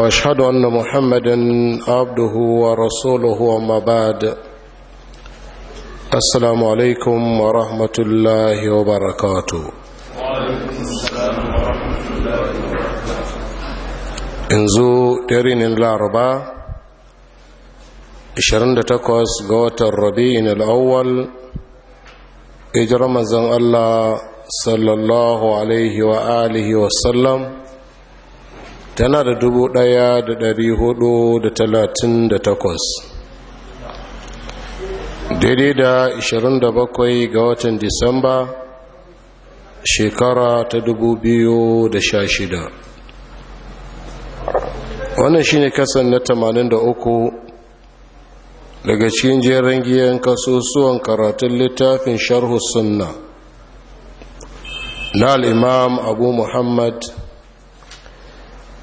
واشهد ان محمدا عبده ورسوله وما بعد السلام عليكم ورحمه الله وبركاته yanzu darinin laraba 28 ga watan rabi'in al'awwal ijirar manzan allah sallallahu alaihi wa alihi wasallam tana da dubu ɗaya da dari hudu da talatin da takwas daidai da da bakwai ga watan disamba shekara ta dubu biyu da sha shida. wannan shine kasan na tamanin da uku daga cikin jerin giyan kasusuwan karatun littafin sharhu sunna na al'imam abu muhammad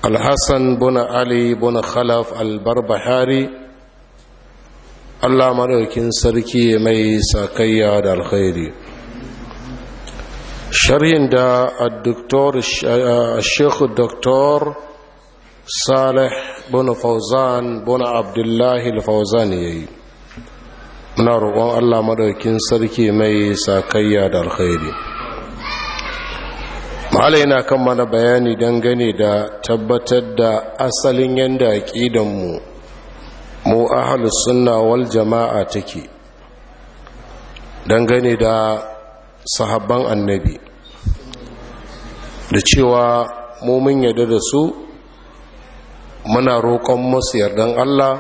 alhassan buna ali buna khalaf albarbahari allah maɗaukin sarki mai sakayya da alkhairi sharhin da uh, shekhu doktor salih buna abdullahi fauzan ya yi muna roƙon allah maɗaukin sarki mai sakayya da alkhairi mahala yana kan mana bayani dangane da tabbatar da asalin yadda aƙidanmu mu ahalus sunna wal jama'a take dangane da sahabban annabi da cewa mumin yadda da su muna roƙon masu yardan Allah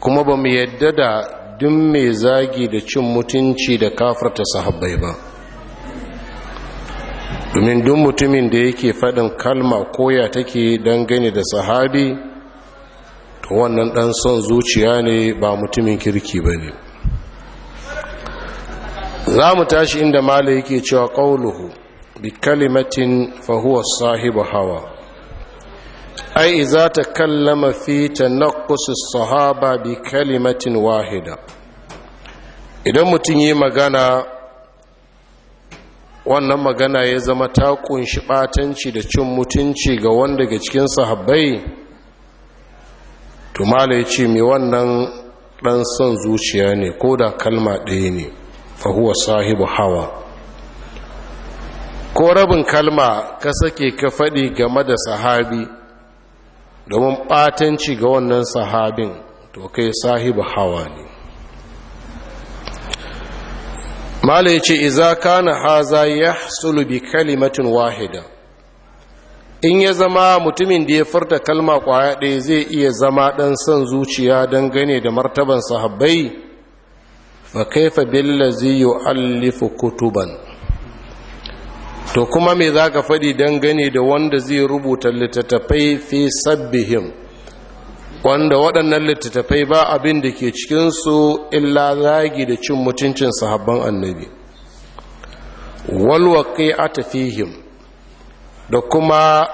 kuma ba mu yadda da duk mai zagi da cin mutunci da kafarta sahabbai ba domin duk mutumin da yake faɗin kalma koya take don gani da sahabi to wannan ɗan son zuciya ne ba mutumin kirki ba ne za mu tashi inda mala yake cewa ƙauluhu bi kalimatin fahuwa sahibu hawa ai za ta kallama fi ta sahaba bi kalimatin wahida idan mutum yi magana wannan magana ya zama ta kunshi batanci da cin mutunci ga wanda daga cikin sahabbai tumala ya ce mai wannan dan son zuciya ne ko da kalma ɗaya ne fahuwa sahibu hawa ko rabin kalma ka sake ka faɗi game da sahabi domin batanci ga wannan sahabin to kai sahibu hawa ne mala ya ce iza kana haza ya bi kalimatin wahida in ya zama mutumin da ya furta kalma kwaya ɗaya zai iya zama ɗan son zuciya don gane da martaban sahabbai fa kaifa billazi yu'allifu kutuban to kuma me za ka faɗi don gane da wanda zai rubuta littattafai fi sabbihim wanda waɗannan littattafai ba abin da ke cikinsu illa zagi da cin mutuncin sahabban annabi walwaƙi a tafihim da kuma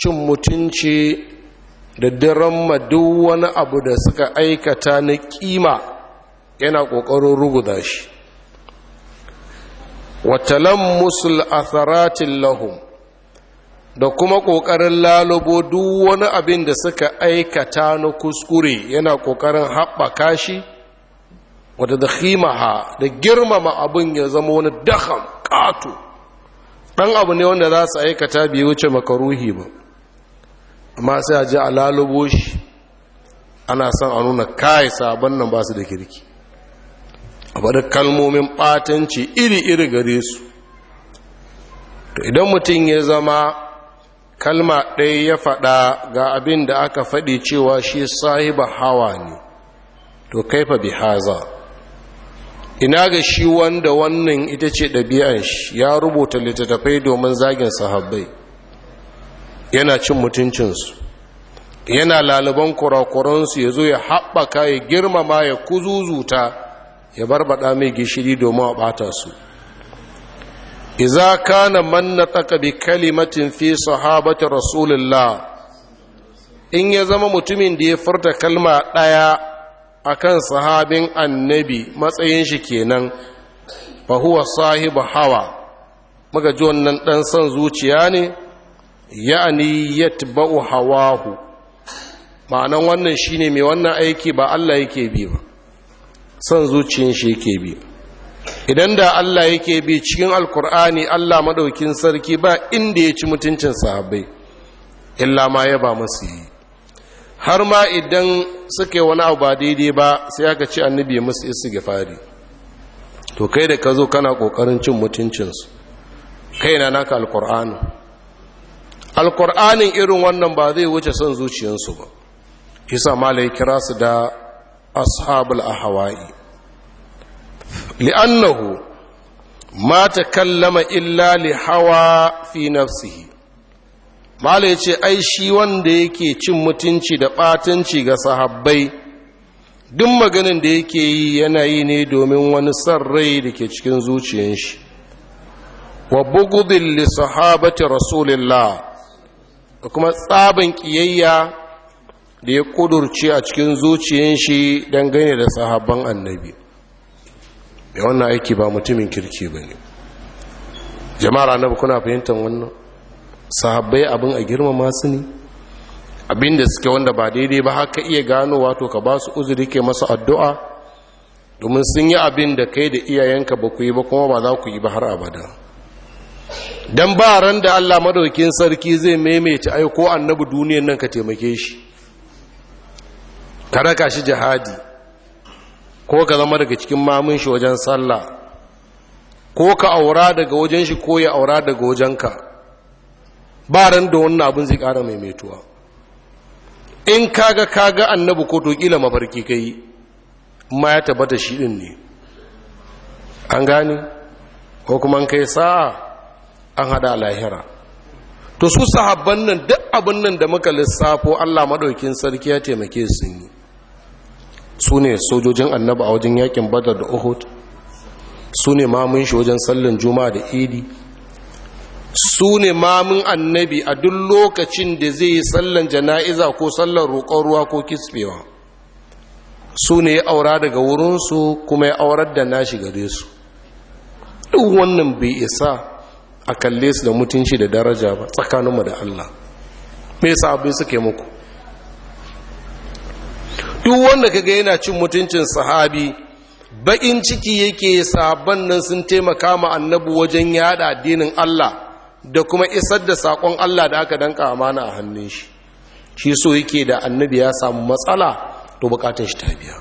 cin mutunci da diramma duk wani abu da suka aikata na ƙima yana ƙoƙarin ruguda shi watalan musul atharatin lahum da kuma ƙoƙarin lalubo duk wani abin da suka aikata na kuskure yana ƙoƙarin haɓaka shi wadda da khimaha da girmama abin ya zama wani dakham ƙato ɗan abu ne wanda za su aikata bai wuce makaruhi ba amma sai a ji a lalubo shi ana son a nuna kai sabon nan ba su da kirki a bari kalmomin ɓatanci iri-iri gare su to idan mutum ya zama kalma ɗaya ya faɗa ga abin da aka faɗi cewa shi sahiba hawa ne to kaifa bi haza ina ga shi wanda wannan ita ce ɗabi'an shi ya rubuta littattafai domin zagin sahabbai yana cin mutuncinsu yana laliban kurakuransu ya zo ya haɓaka ya girmama ya kuzuzuta ya barbaɗa mai gishiri domin a ɓata su iza kana man nataka bi kalimatin fi sahabati rasulillah in ya zama mutumin da ya furta kalma ɗaya akan sahabin annabi matsayin shi kenan fa huwa sahibu hawa muka ji wannan ɗan son zuciya ne ya'ani yatba'u hawahu ma'anan wannan shine mai wannan aiki ba Allah yake bi ba son zuciyin yake bi idan da Allah yake bi cikin alkur'ani Allah madaukin sarki ba inda ya ci mutuncin sahabbai illa ma ya ba masu yi har ma idan suke wani abu ba daidai ba sai aka ci annabi musu isu gifari to kai da ka zo kana kokarin cin mutuncinsu kai na naka alkur'ani alkur'anin irin wannan ba zai wuce son zuciyarsu ba isa malai kira su da ashabul ahawai li'annahu mata kallama illa li hawa fi nafsihi mala ya ce ai shi wanda yake cin mutunci da ɓatanci ga sahabbai duk maganin da yake yi yana yi ne domin wani san rai da ke cikin zuciyar shi wa bugudin li sahabati rasulillah da kuma tsaban ƙiyayya da ya ƙudurce a cikin zuciyar shi dangane da sahaban annabi mai eh, wannan aiki ba mutumin kirki ba ne jama'ar annabi kuna fahimtar wannan sahabbai abin a girmama su ne abin da suke wanda ba daidai ba haka iya gano wato ka ba su uzuri ke masa addu'a domin sun yi abin da kai da iyayenka ba ku yi ba kuma ba za ku yi ba har abada don ba ran da allah madaukin sarki zai maimaita aiko annabi duniyar nan ka taimake shi ka raka shi jihadi ko ka zama daga cikin mamun shi wajen sallah ko ka aura daga wajen shi ko ya aura daga wajenka ba ran da wannan abin zai ƙara metuwa in kaga kaga annabi ko to mafarki kai ma ya tabbata shi din ne an gane ko kuma kai sa'a an hada lahira to su sahabban nan duk abin nan da muka lissafo Allah madaukin sarki ya taimake su ne su ne sojojin annaba a wajen yakin badar da uhud su ne mamun shi wajen sallan juma'a da idi su ne mamun annabi a duk lokacin da zai yi sallan jana'iza ko sallan roƙon ruwa ko kisbewa su ne ya aura daga wurinsu kuma ya aurar da nashi gare su duk wannan bai isa a kalle su da mutunci da daraja ba tsakaninmu da allah me yasa abin suke muku duk wanda kaga yana cin mutuncin sahabi bakin ciki yake sabon nan sun taimaka ma annabu wajen yada addinin Allah da kuma isar da sakon Allah da aka danka amana a hannun shi shi so yake da annabi ya samu matsala to bukatar shi ta biya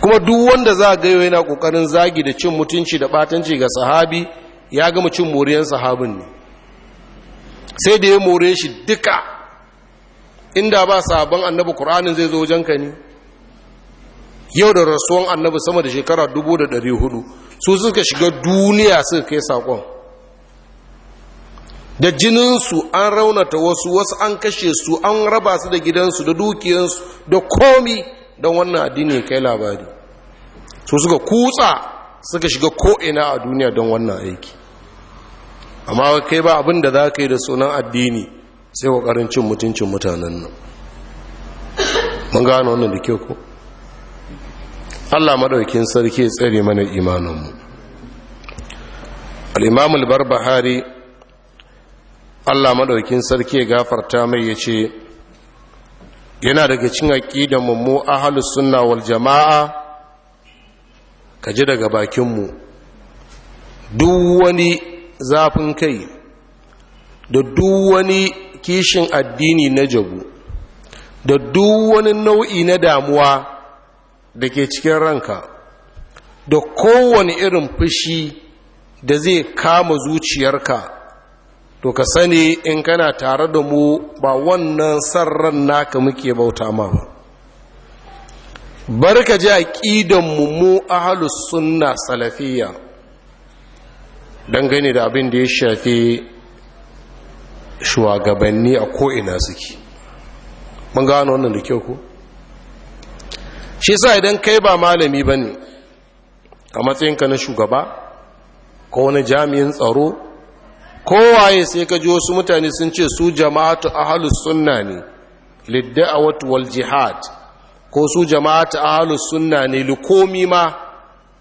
kuma duk wanda za a ga yana kokarin zagi da cin mutunci da batanci ga sahabi ya gama cin moriyan sahabin ne sai da ya more shi duka inda ba sabon annabi qur'anin zai zo wajenka ne yau da rasuwan annabi sama da shekara 1400 su suka shiga duniya suka kai saƙon, da jininsu an raunata wasu wasu an kashe su an raba su da gidansu da dukiyansu da komi don wannan addini kai labari su suka kutsa suka shiga ko'ina a duniya don wannan aiki amma kai ba abin da za ka yi da sunan addini sai kokarin cin mutuncin mutanen nan mun gano wannan da kyau ko Allah madaukin sarki ya tsare mana imaninmu al-imam al-barbahari Allah madaukin sarki ya gafarta mai yace yana daga cin aqidar mu mu ahlus sunna wal jamaa Ka ji daga bakin mu duk wani zafin kai da duk wani kishin addini na jabu da duk wani nau'i na damuwa da ke cikin ranka da kowane irin fushi da zai kama zuciyarka to ka sani in kana tare da mu ba wannan sarran naka muke bauta ma ba barka ji aqidanmu mu ahlus sunna salafiyya dangane da abin da ya shafi shugabanni a ko'ina suke mun gano wannan da kyau ko shi sa idan kai ba malami ba ne a matsayinka na shugaba ko wani jami'in tsaro kowaye sai ka ji wasu mutane sun ce su jama'atu ahalus sunna ne lidda'awatu wal jihad ko su jama'atu ahalus sunna ne likomi ma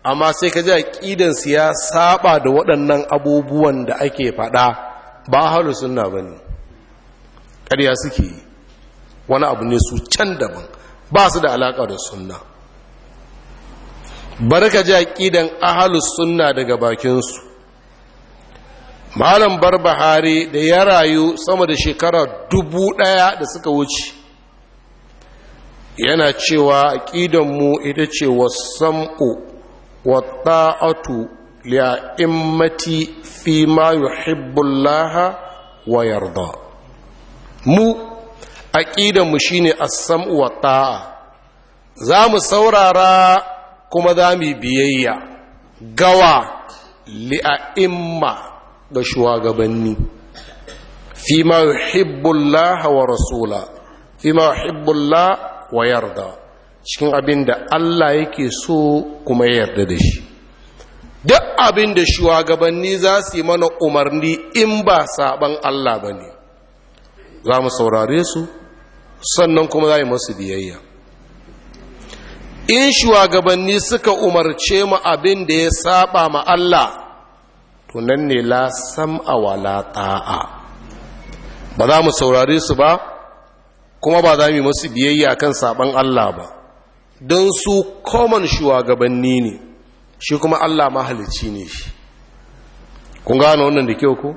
amma sai ka ji a ƙidansu ya saba da waɗannan abubuwan da ake faɗa ba halu sunna ba ne ƙarya suke yi wani abu ne su can daban ba su da alaƙa da sunna barka ji aƙidan ahalu sunna daga bakinsu malam Bar barbahari da ya rayu sama da shekara dubu ɗaya da suka wuce yana cewa aƙidanmu ita ce wasan'u wata'atu li'immati fi ma Allah wa yarda mu aqida mu shine as-sam'u wa ta'a za mu saurara kuma za mu biyayya gawa li'a'imma da shugabanni fi ma Allah wa rasula fi ma Allah wa yarda cikin abinda Allah yake so kuma ya yarda da shi duk abin da shugabanni za su yi mana umarni in ba saban Allah ba ne za mu saurare su sannan kuma za yi masu biyayya in shugabanni suka umarce mu abin da ya saba ma Allah tunan ne la sam'a wa la ta'a ba za mu saurare su ba kuma ba za mu yi masu biyayya kan saban Allah ba don su common shugabanni ne shi kuma Allah mahalicci ne shi kun gano wannan da kyau ko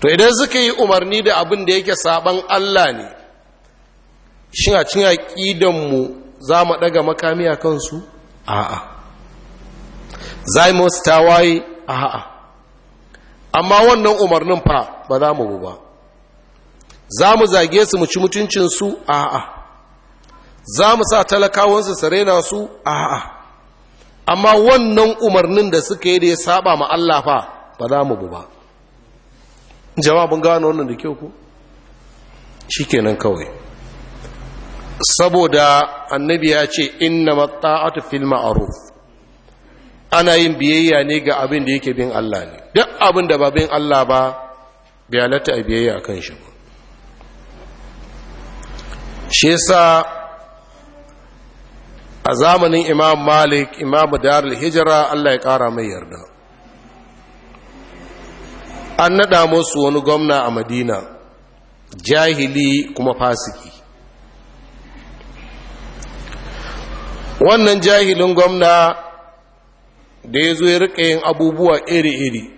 to idan suka yi umarni da abin da yake saban Allah ne shin a cin mu za mu daga makami a kansu a'a za mu tawaye a'a amma wannan umarnin fa ba za mu bu ba za mu zage su mu ci su? a'a za mu sa talakawansu su raina su a'a amma wannan umarnin da suka yi da ya saba ma Allah fa ba za mu bu ba jawabin gano wannan da kyau ku shikenan kawai saboda annabi ya ce inna matta'atu fil ma'ruf ana yin biyayya ne ga abin da yake bin Allah ne duk abin da ba bin Allah ba biyalata a biyayya kan shi ba shi yasa a zamanin imam malik imam darul hijira allah ya kara mai yarda an naɗa musu wani gwamna a madina jahili kuma fasiki wannan jahilin gwamna da ya zo ya riƙa yin abubuwa iri-iri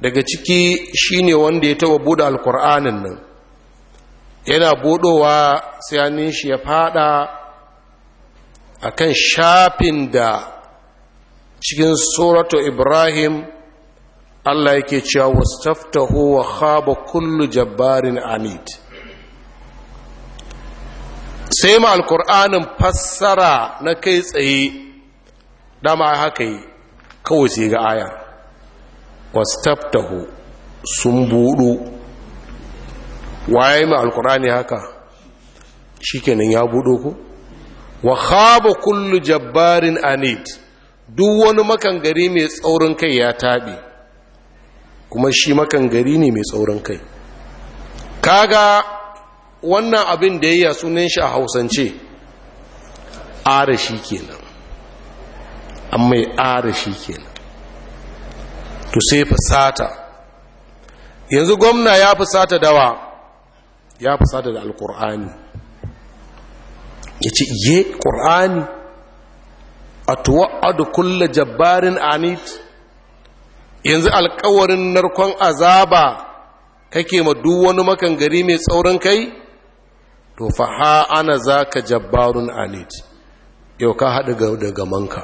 daga ciki shine wanda ya taɓa buɗe alkur'anin nan yana buɗowa sai shi ya fada akan shafin da cikin suratu ibrahim allah yake cewa wastaftahu wa khaba kullu jabbarin anid sai ma alkur'anin fassara na kai tsaye dama haka yi kawai sai ga aya wastaftahu sun buɗu waye ma alkur'ani haka shi kenan ya buɗo ku wa khaba kullu jabbarin anid duk wani gari mai tsaurin kai ya taɓe kuma shi gari ne mai tsaurin kai kaga wannan abin da ya sunan shi a hausance arashi kenan amma arashi kenan to sai fasata yanzu gwamna ya fusata dawa ya fusata da alkur'ani ya ce ye ƙur'ani a tuwa'adu kulle jabbarin anit yanzu alkawarin narkon azaba kake ma duk wani gari mai tsaurin kai to fa ha ana za ka jabbarun anit yau ka haɗu da gamanka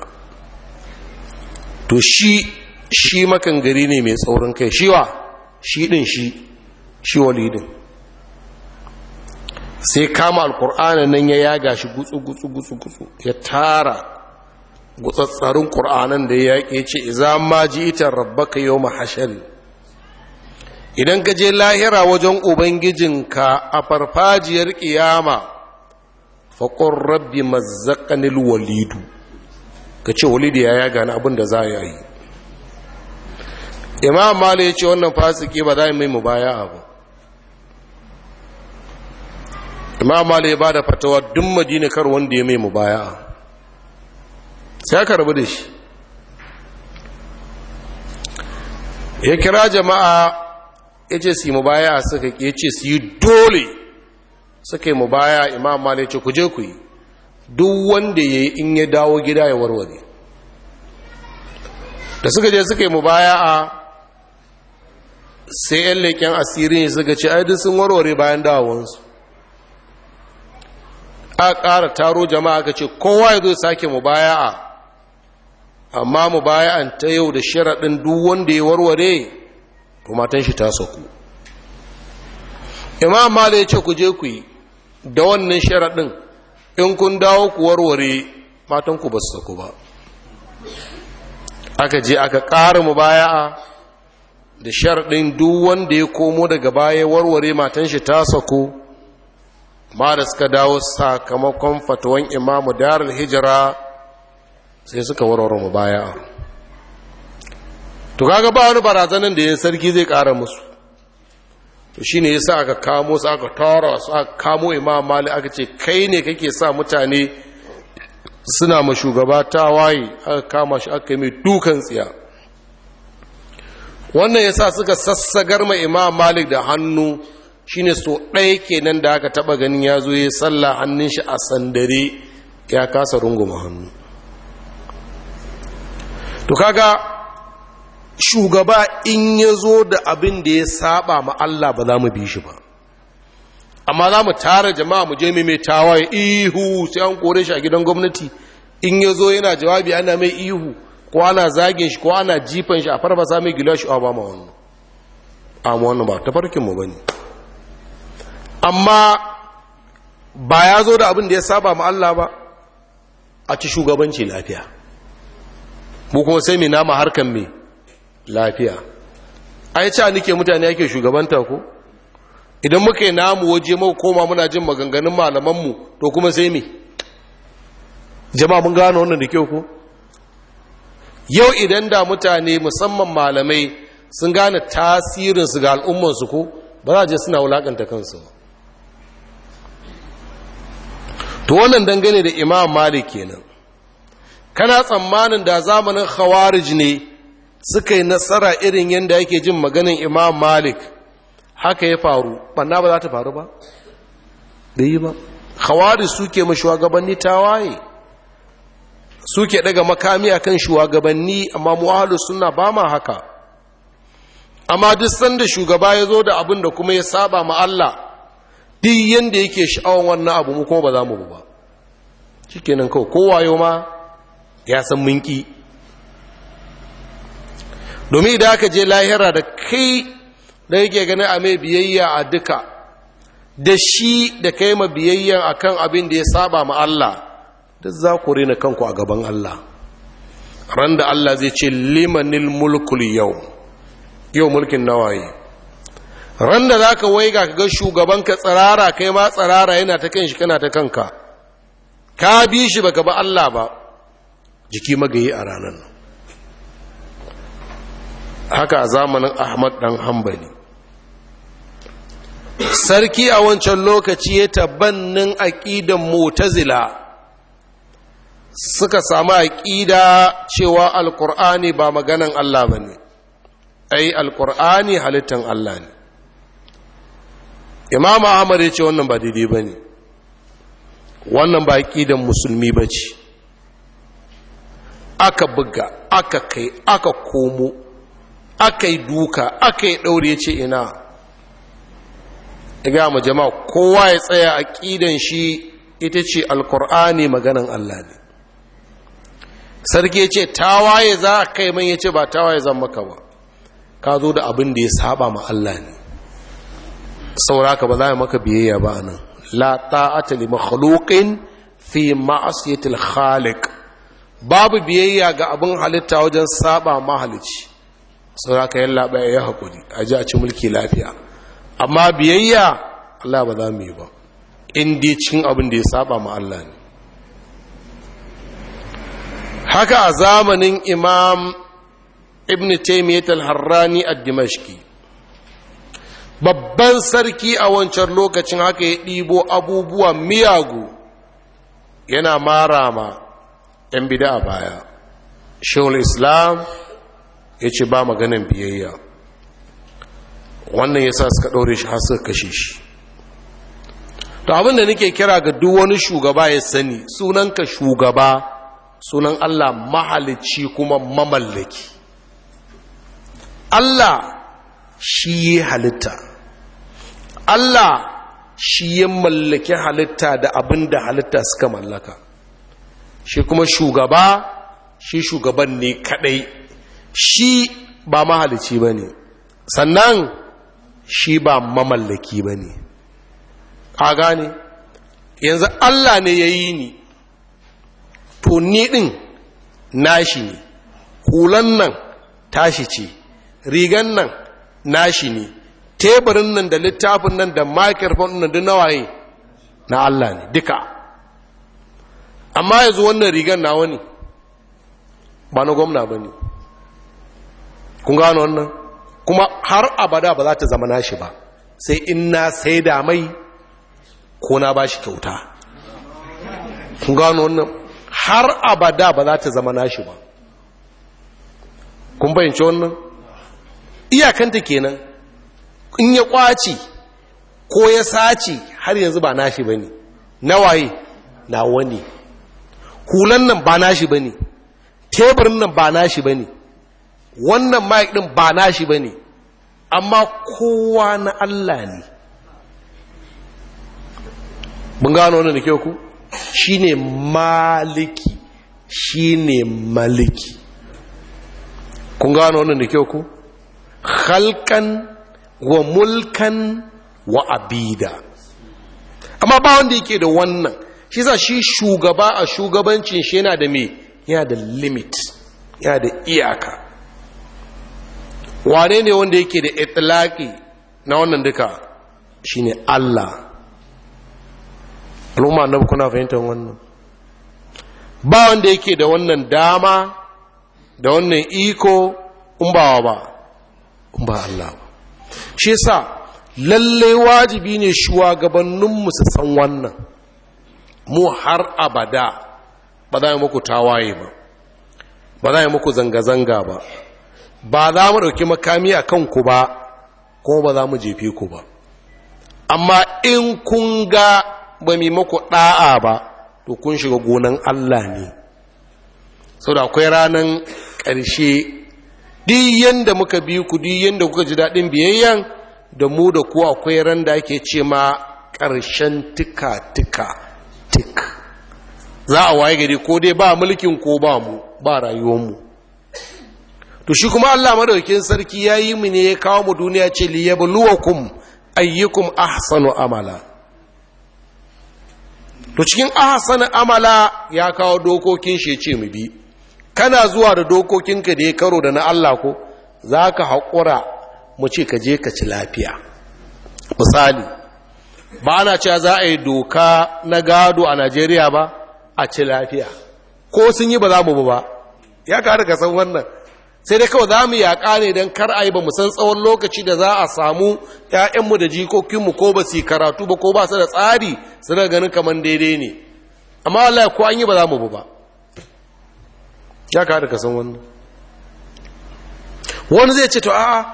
to shi shi makangari ne mai tsaurin kai shi wa shi ɗin shi shi walidin sai kama alkur'anin nan ya yaga shi gutsu gutsu gutsu ya tara gutsatsarin kur'anin da ya yaƙe ce iza ma ji ita rabbaka yau mahashari idan ka je lahira wajen ubangijinka a farfajiyar ƙiyama faƙon rabbi mazaƙanil walidu ka ce walidu ya yaga na abin da za a yi imam mali ya ce wannan fasiki ba za a yi mai mubaya abu imam mali ya bada fatawa duk madina kar wanda ya mai mubaya'a sai aka rabu da shi ya kira jama'a ya ce su yi mubaya'a suka ya ce su yi dole suka yi mubaya'a imam mali ya ce ku je ku yi duk wanda ya yi in ya dawo gida ya warware da suka je suka yi mubaya'a sai 'yan leƙen asiri suka ce ai sun warware bayan dawowansu a ƙara taro jama'a ka ce kowa ya zo sake a amma mu an ta yau da sharaɗin duk wanda ya warware to matan shi ta saku imam mala ya ce ku je ku yi da wannan sharaɗin in kun dawo ku warware matan ku ba su saku ba aka je aka ƙara mubaya'a da sharaɗin duk wanda ya komo daga baya warware matan shi ta saku ba da suka dawo sakamakon fatuwan imamu darul hijira sai suka warware mu baya to kaga ba wani barazanin da yin sarki zai kara musu to shine yasa aka kamo su aka tara su aka kamo imam mali aka ce kai ne kake sa mutane suna ma shugaba ta waye aka kama shi aka yi mai dukan tsiya wannan yasa suka sassagar ma imam malik da hannu shine so ɗaya kenan da aka taɓa ganin ya zo ya salla hannun shi a sandare ya kasa runguma hannu to kaga shugaba in ya zo da abin da ya saba ma Allah ba za mu bi shi ba amma za mu tara jama'a mu je mai tawaye ihu sai an kore shi a gidan gwamnati in ya zo yana jawabi ana mai ihu ko ana zagin shi ko ana jifan shi a farfasa mai gilashi a ba ma wannan amma wannan ba tafarkinmu ba ne amma ba ya zo da abin da ya saba ma Allah ba a ci shugabanci lafiya mu kuma sai mai nama harkan mai lafiya ai ca nike mutane yake shugabanta ko idan muka yi namu waje maku koma muna jin maganganun malamanmu to kuma sai mai jama'a mun gano wannan da kyau ko yau idan da mutane musamman malamai sun gane tasirinsu ga al'ummansu ko ba za a je suna wulaƙanta kansu ba to wannan dangane da imam malik kenan kana tsammanin da zamanin khawarij ne suka yi nasara irin yadda yake jin maganin imam malik haka ya faru banna ba za ta faru ba da yi ba khawarij suke ma shugabanni tawaye suke daga makami akan shugabanni amma mu'ahalu suna ba ma haka amma duk sanda shugaba ya zo da abin da kuma ya saba ma Allah duk yanda yake sha'awan wannan abu mu ko ba za mu ba shikenan kawai kowa yau ma ya san minki. domin da aka je lahira da kai da yake gani a mai biyayya a duka da shi da kai ma biyayya kan abin da ya saba ma Allah duk za ku rena kanku a gaban Allah Randa Allah zai ce limanin mulkul yau yau mulkin nawaye ran da za ka waiga ka ga shugaban ka tsirara kai ma tsirara yana ta kan shi kana ta kanka ka bi shi ka ba Allah ba jiki magayi a ranar haka a zamanin ahmad dan hambali sarki a wancan lokaci ya tabbannin aƙidan motazila suka samu aƙida cewa alƙur'ani ba maganan Allah ba ne ai alƙur'ani halittan Allah ne imam ahmad ya ce wannan ba daidai ba ne wannan ba ƙidan musulmi ba ce aka buga aka kai aka komo aka yi duka aka yi ɗaure ya ce ina ga mu jama'a kowa ya tsaya a ƙidan shi ita ce alkur'ani maganan allah ne sarki ya ce tawaye za a kai man ya ce ba tawaye zan maka ba ka zo da abin da ya saba ma allah ne sauraka ba za a maka biyayya ba nan la ta'ata li makhluqin fi ma'asiyatil khaliq babu biyayya ga abin halitta wajen saba mahalici sauraka yalla ba ya hakuri a ji a ci mulki lafiya amma biyayya Allah ba za mu yi ba in dai cin abin da ya saba ma Allah ne haka a zamanin imam ibn taymiyyah al-harrani ad-dimashqi babban sarki a wancan lokacin haka ya ɗibo abubuwa miyagu yana mara ma 'yan bida a baya shehul islam ya ce ba maganin biyayya wannan ya sa suka ɗaure shi hasar kashe shi to abinda nake kira ga duk wani shugaba ya sani sunanka shugaba sunan allah mahalicci kuma mamallaki allah shi halitta Allah shi ya mallaki halitta da abin da halitta suka mallaka shi kuma shugaba shi shugaban ne kadai shi ba mahalici ba ne sannan shi ba mamallaki ba ne a gane yanzu Allah ne ya yi ni to ni ɗin nashi ne hulan nan tashi ce rigan nan nashi ne teburin nan da littafin nan da microphone nan duk nawaye na Allah ne duka amma yanzu wannan rigar na wani ba na gwamna ba ne kun gano wannan kuma har abada ba za ta zama nashi ba sai in na sai da mai ko na ba shi kyauta kun gano wannan har abada ba za ta zama nashi ba kun bayyance wannan iyakanta kenan in ya kwace ko ya sace har yanzu ba nashi bane waye na wani hulan nan ba nashi bane teburin nan ba nashi bane wannan mic din ba nashi bane amma kowa na Allah ne mun gano wannan da kyau ku shine maliki shine maliki kun gano wannan da kyau ku halkan wa mulkan wa abida amma ba wanda yake da wannan shi sa shi shugaba a shugabancin shi yana da mai yana da limit yana da iyaka wane ne wanda yake da itlaki na wannan duka shi ne Allah al'umma na kuna fahimtar wannan ba wanda yake da wannan dama da wannan iko Umbawa ba ba Allah shi sa lalle wajibi ne shugabanninmu su san wannan mu har abada ba za yi muku tawaye ba ba za yi muku zanga-zanga ba ba za mu ɗauki makami a kanku ba kuma ba za mu jefe ku ba amma in kun ga ba mai muku ɗa'a ba to kun shiga gonan Allah ne sau da akwai ranar ƙarshe duk yanda muka bi ku duk yanda kuka ji daɗin biyayyan da mu da ku akwai ran da ake ce ma ƙarshen tika tika tik za a waye gari ko dai ba mulkin ko ba mu ba rayuwarmu to shi kuma Allah madaukin sarki ya yi mu ne ya kawo mu duniya ce yabluwakum ayyukum ahsanu amala to cikin ahsanu amala ya kawo dokokin shi ya ce mu bi kana zuwa da dokokinka da ya karo da na Allah ko za ka haƙura mu ce ka je ka ci lafiya misali ba na cewa za a yi doka na gado a najeriya ba a ci lafiya ko sun yi ba za mu ba ya kare ka san wannan sai dai kawai za mu yaƙa ne don kar a yi ba mu san tsawon lokaci da za a samu ‘ya'yanmu da jikokinmu ko ba su karatu ba ko ba su da tsari su ganin kamar daidai ne amma Allah ko an yi ba za mu ba ya kada ka san wannan wani zai ce to a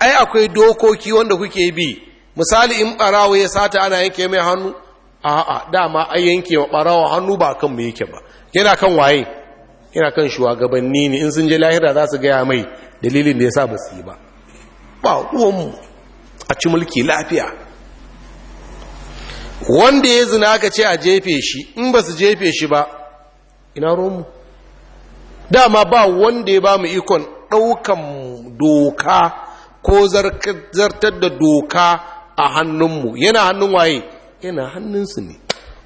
ai akwai dokoki wanda kuke bi misali in barawo ya sata ana yanke mai hannu a'a dama ai yanke wa barawo hannu ba kan mu yake ba yana kan waye yana kan shugabanni ne in sun je lahira za su gaya mai dalilin da ya sa ba su yi ba ba mu a ci mulki lafiya wanda ya zina ka ce a jefe shi in ba su jefe shi ba ina ruwanmu dama ba wanda ya ba mu ikon ɗaukan doka ko zartar da doka a hannunmu yana hannun waye yana hannunsu ne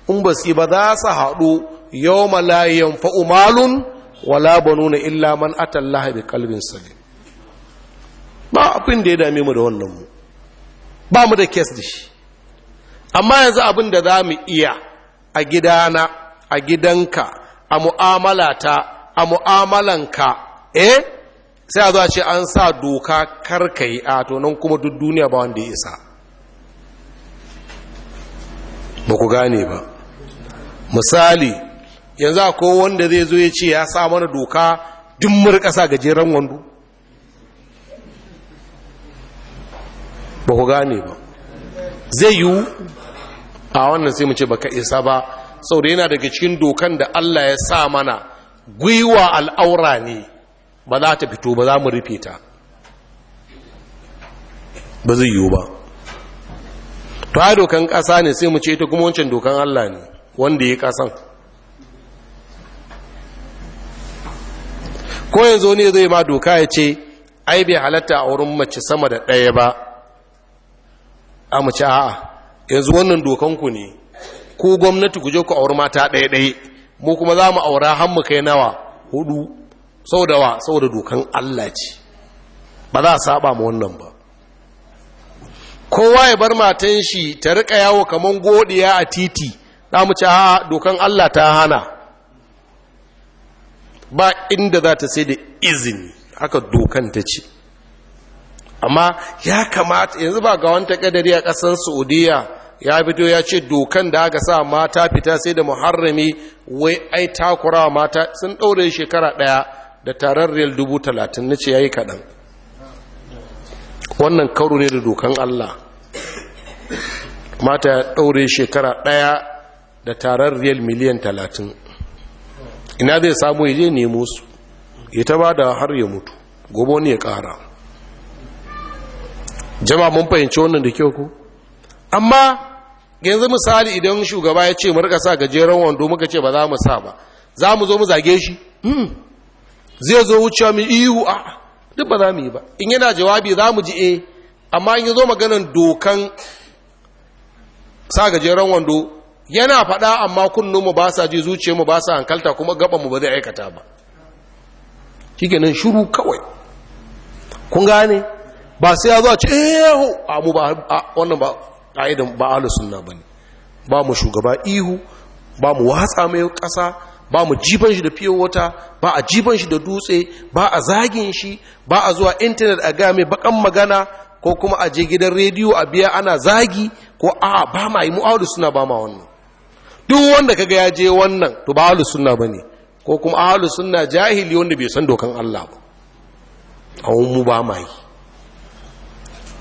in ba su ba za su haɗu yau malayan fa'umalun wala banuna illa man atallaha bi kalbin salim ba abin da ya dame mu da wannan mu ba mu da kes da shi amma yanzu abin da za mu iya a gidana a gidanka a mu'amala ta. a mu'amalanka eh sai a zo a ce an sa doka karkai a to kuma duk duniya ba wanda ya isa ba ku gane ba misali yanzu ko wanda zai zo ya ce ya sa mana doka duk murkasa gajeren wando ba ku gane ba zai yiwu a wannan sai mu ce baka isa ba sau da yana daga cikin dokan da Allah ya sa mana gwiwa al'aura ne ba za ta fito ba za mu rufe ta ba zai yiwu ba ta dokan ƙasa ne sai mu ce ta kuma wancan dokan Allah ne wanda ya kasan. ko yanzu ne zai ma doka ya ce ai bai halatta a wurin mace sama da ɗaya ba a mace a'a yanzu wannan dokanku ne ko gwamnati ku je ku auri mata ɗaya ɗaya mu kuma za mu aura har mu kai nawa hudu sau da wa sau da dokan Allah ce ba za a saba ma wannan ba kowa ya bar matan shi ta rika yawo kaman godiya a titi za mu ci ha dokan Allah ta hana ba inda za ta sai da izini haka dokan ta ce amma ya kamata yanzu ba ga wanta kadari a ƙasar saudiya ya fito ya ce dokan da aka sa mata fita sai da muharrami wai ai takurawa mata sun ɗaure shekara ɗaya da tarar dubu talatin na ce ya yi kaɗan wannan karo ne da dokan allah mata ya ɗaure shekara ɗaya da tarar miliyan talatin ina zai samu ya je nemo su ya ta ba da har ya mutu gobe wani ya ƙara jama mun fahimci wannan da kyau ku amma yanzu misali idan shugaba ya ce mu sa gajeren wando muka ce ba za mu sa ba za mu zo mu zage shi hmm. zai zo wuce mu ihu a duk ba za mu yi ba in yana jawabi za mu ji e amma in yi zo maganin dokan sa gajeren wando yana faɗa amma kunnunmu ba sa ji mu ba sa hankalta kuma gabanmu ba zai aikata ba shikenan shiru kawai kun gane ba sai ya zo a ce eh a mu ba wannan ba ƙa'idan ba ahlus sunna ne ba mu shugaba ihu ba mu watsa mai ƙasa ba mu jifan shi da fiye wata ba a jifan shi da dutse ba a zagin shi ba a zuwa intanet a game bakan magana ko kuma a je gidan rediyo a biya ana zagi ko a ba ma yi mu'awar suna ba ma wannan duk wanda kaga ya je wannan to ba alu suna ba ne ko kuma alu suna jahili wanda bai san dokan Allah ba a mu ba ma yi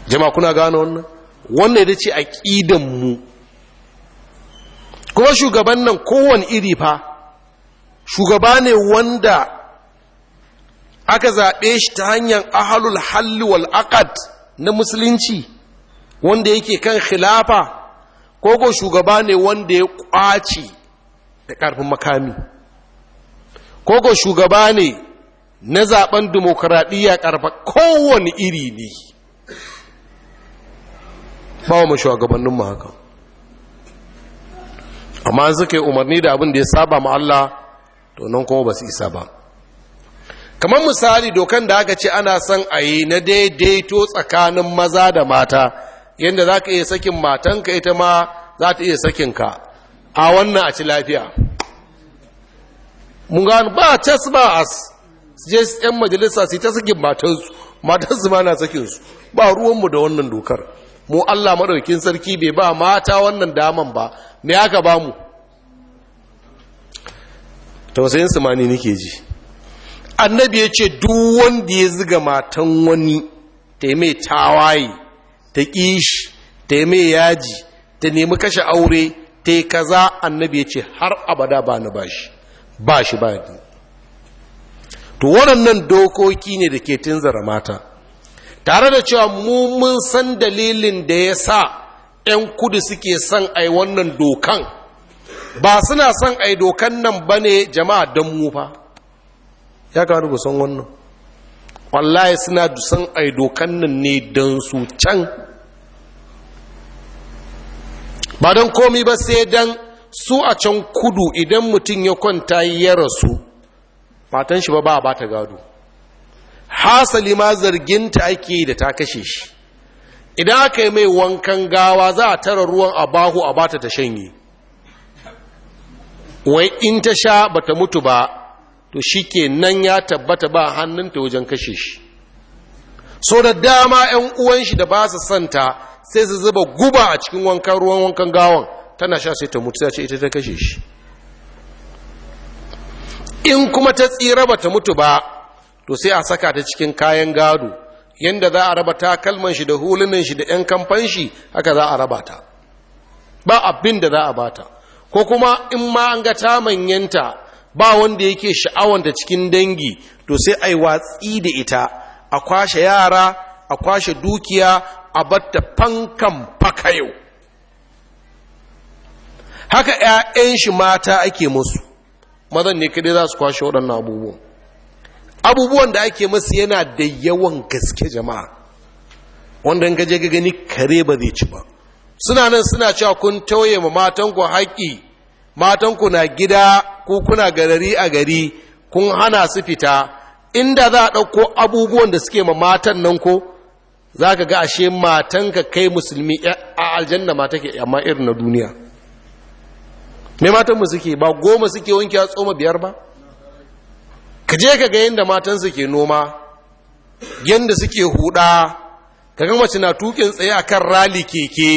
jama kuna gane wannan wannan da ce mu kuma shugaban nan kowane iri fa shugaba ne wanda aka zaɓe shi ta hanyar ahalul halli wal aqad na musulunci wanda yake kan khilafa ko shugaba ne wanda ya ƙwace da ƙarfin makami ko shugaba ne na zaben dimokuraɗiyya ƙarfa kowane iri ne ba wa shugabanninmu haka amma suka yi umarni da abin da ya saba ma Allah to nan kuma ba su isa ba kamar misali dokan da aka ce ana son a yi na daidaito tsakanin maza da mata yadda za ka iya sakin matanka ita ma za ta iya sakinka a wannan a ci lafiya mun gano ba cas ba as je yan majalisa su ta sakin matansu matansu ma na sakinsu ba ruwanmu da wannan dokar mu Allah maɗaukin sarki bai ba mata wannan daman ba ne aka ba mu tausayin samani ni nake ji annabi ya ce duk wanda ya ziga matan wani ta yi mai tawaye ta ƙishi ta yi mai yaji ta nemi kashe aure ta yi kaza annabi ya ce har abada ba na bashi ba shi ba ni to waɗannan dokoki ne da ke tunzara mata tare da cewa mu mun san dalilin da ya sa 'yan kudu suke son a wannan dokan ba suna son a dokan nan ba ne jama'a don mu fa ya kawo da san wannan wallahi suna son a dokan nan ne don su can ba don komi ba sai don su a can kudu idan mutum ya kwanta ya rasu matan shi ba ba ta gado hasali ma zarginta ake da ta kashe shi idan aka yi mai wankan gawa za a tara ruwan a bahu a bata ta shanye wai in ta sha ba ta mutu ba to shi ke nan ya tabbata ba hannunta wajen kashe shi so da dama 'yan uwan shi da ba su santa sai su zuba guba a cikin wankan ruwan wankan gawan tana sha sai ta mutu sai ce ita ta kashe shi in kuma ta tsira bata mutu ba to sai a saka ta cikin kayan gado yadda za a raba takalman shi da hulunan shi da yan kamfan shi haka za a raba ta ba abin da za a bata ko kuma in ma an ga ta manyanta ba wanda yake sha'awanta cikin dangi to sai yi watsi da ita a kwashe yara a kwashe dukiya a batta fankan faka yau haka 'ya'yan shi mata ake musu mazan ne kadai za su kwashe waɗannan abubuwan abubuwan da ake masu yana da yawan gaske jama'a wanda in gaje gani kare ba zai ci ba suna nan suna cewa kun tauye ma matanku haƙƙi matanku na gida ko kuna garari a gari kun hana su fita inda za a ɗauko abubuwan da suke ma matan nan ko za ka ga ashe matanka kai musulmi a aljanna mata ke amma irin na duniya me matanmu suke ba goma suke wanke a tsoma biyar ba ka je ka ga yadda matansa ke noma yadda suke huda ka gama mace na tukin tsaye a kan rali keke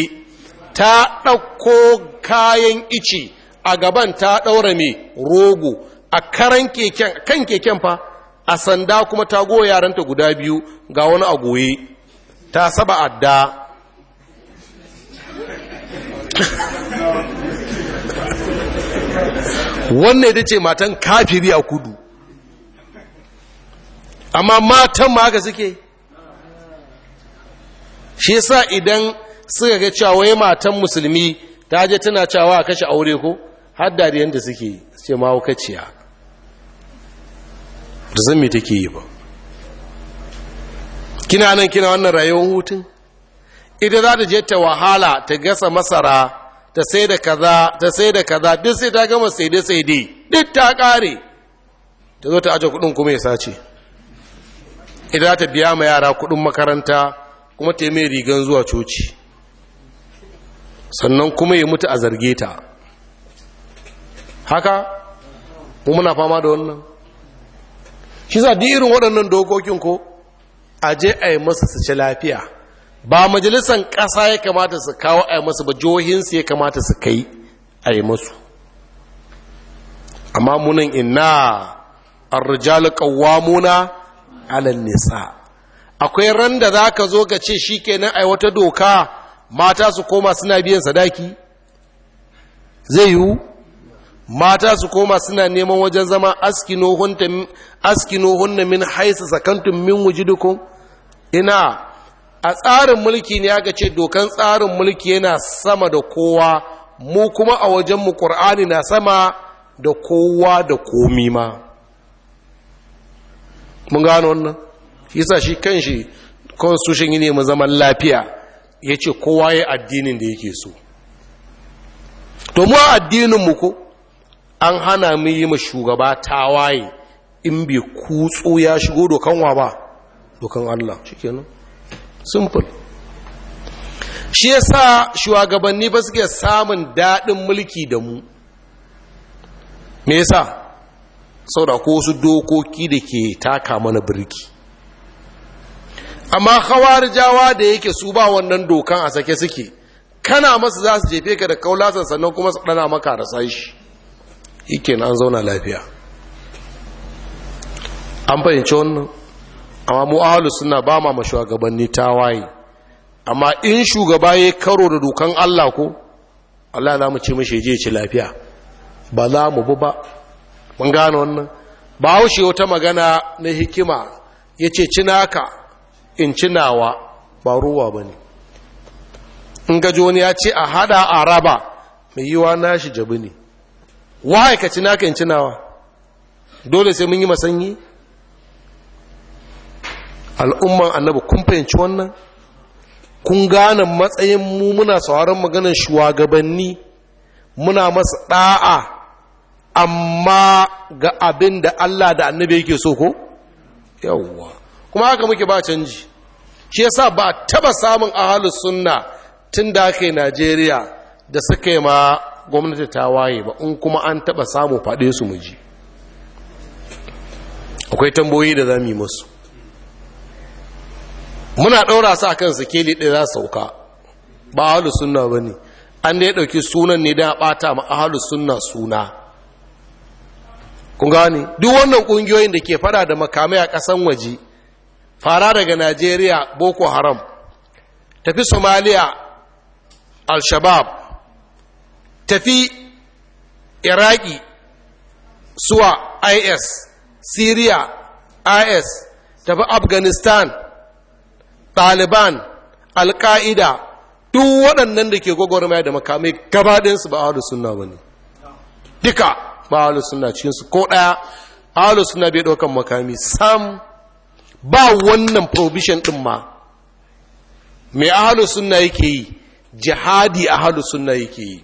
ta ɗauko kayan ice a gaban ta ɗaura mai rogo a karan keken kan keken fa a sanda kuma ta goya yaranta guda biyu ga wani agoye. goye ta saba adda wannan ita ce matan kafiri a kudu amma matan ma haka suke shi sa idan suka ga cewa matan musulmi ta je tana cewa a kashe aure ko hadda da yadda suke ce mahaukaciya da zan mita take yi ba kina nan kina wannan rayuwar hutun Idan za ta je ta wahala ta gasa masara ta sai da kaza ta sai da kaza duk sai ta gama sai dai sai dai duk ta kare ta zo ta aje kudin kuma ya sace idan za ta biya ma yara kudin makaranta kuma ta yi mai rigan zuwa coci sannan kuma ya mutu a zarge ta haka mu na fama da wannan shi za di irin waɗannan dokokin ko a je a yi masa su ci lafiya ba majalisan ƙasa ya kamata su kawo a yi masu ba jihohinsu ya kamata su kai a yi masu amma munan ina الرجال قوامون alal nisa akwai ran da za ka zo ka ce shi kenan ai wata doka mata su koma suna biyan sadaki zai yiwu mata su koma suna neman wajen zama askinohunna min haisa sakantun min wujidukum ina a tsarin mulki ne aka ce dokan tsarin mulki yana sama da kowa mu kuma a wajenmu ƙur'ani na sama da kowa da komi ma mun gano wannan shi yasa shi kanshi constitution ne mu zaman lafiya yace kowa ya addinin da yake so to mu addinin mu ko an hana mu yi ma shugaba tawaye in bai kutso ya shigo dokan wa ba dokan Allah shikenan simple shi yasa shugabanni ba suke samun dadin mulki da mu me yasa da ko wasu dokoki da ke taka mana birki amma jawa da yake su ba wannan dokan a sake suke kana masu za su jefe ka da kaulasan sannan kuma su ɗana maka da shi yake na an zauna lafiya an fahimci wannan amma mu'ahalu suna ba ma ma shugabanni tawaye amma in shugaba ya karo da dokan allah ko allah na mu ce mashi je ci lafiya ba za mu bu ba mun gano wannan ba haushe wata magana na hikima ya ce cinaka in cinawa ba ruwa ba ne in gaji wani ya ce a hada a raba mai yiwa na shi jabi ne wahai ka cinaka in cinawa dole sai mun yi masanyi al'umman annabi kun fahimci wannan kun gane matsayin mu muna sauran maganar shugabanni muna masa ɗa'a amma ga abin da Allah da annabi yake so ko yawwa kuma haka muke ba canji shi yasa ba taba samun ahalus sunna tun da aka Najeriya da suka yi ma gwamnati ta waye ba in kuma an taba samu faɗe su muji akwai tamboyi da za mu yi musu muna ɗaura su a kan sikeli ɗaya za sauka ba ahalus sunna ba ne an da ya ɗauki sunan ne da a ɓata ma ahalus sunna suna kun gane duk wannan kungiyoyin da ke fada da makamai a kasan waje fara daga Najeriya Boko Haram tafi Somalia Al-Shabaab tafi Iraki suwa IS Syria IS tafi Afghanistan Taliban Al-Qaida duk waɗannan da ke gwagwarmaya da makamai gabaɗinsu ba a sunna ba ne duka ba ahlus suna cikin su ko ɗaya ahlus suna bai ɗaukan makami sam ba wannan provision ɗin ma mai ahlus suna yake yi jihadi a ahlus suna yake yi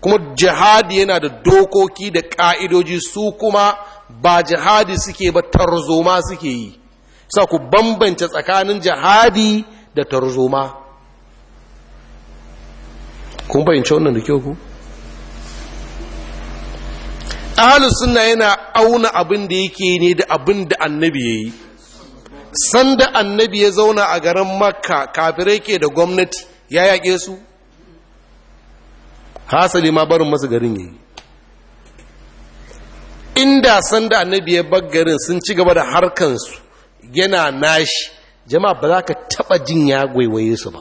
kuma jihadi yana da dokoki da ka'idoji su kuma ba jihadi suke ba tarzoma suke yi sa ku bambance tsakanin jihadi da tarzoma kun bayyance wannan da kyau ku ahalus sunna yana auna abin da yake ne da abin da annabi ya yi sanda annabi ya zauna a garin makka kafirai ke da gwamnati ya yaƙe su hasali ma barin masu garin ya yi inda sanda annabi ya bar garin sun ci gaba da harkansu yana nashi jama'a ba za ka taɓa jin ya gwaiwaye su ba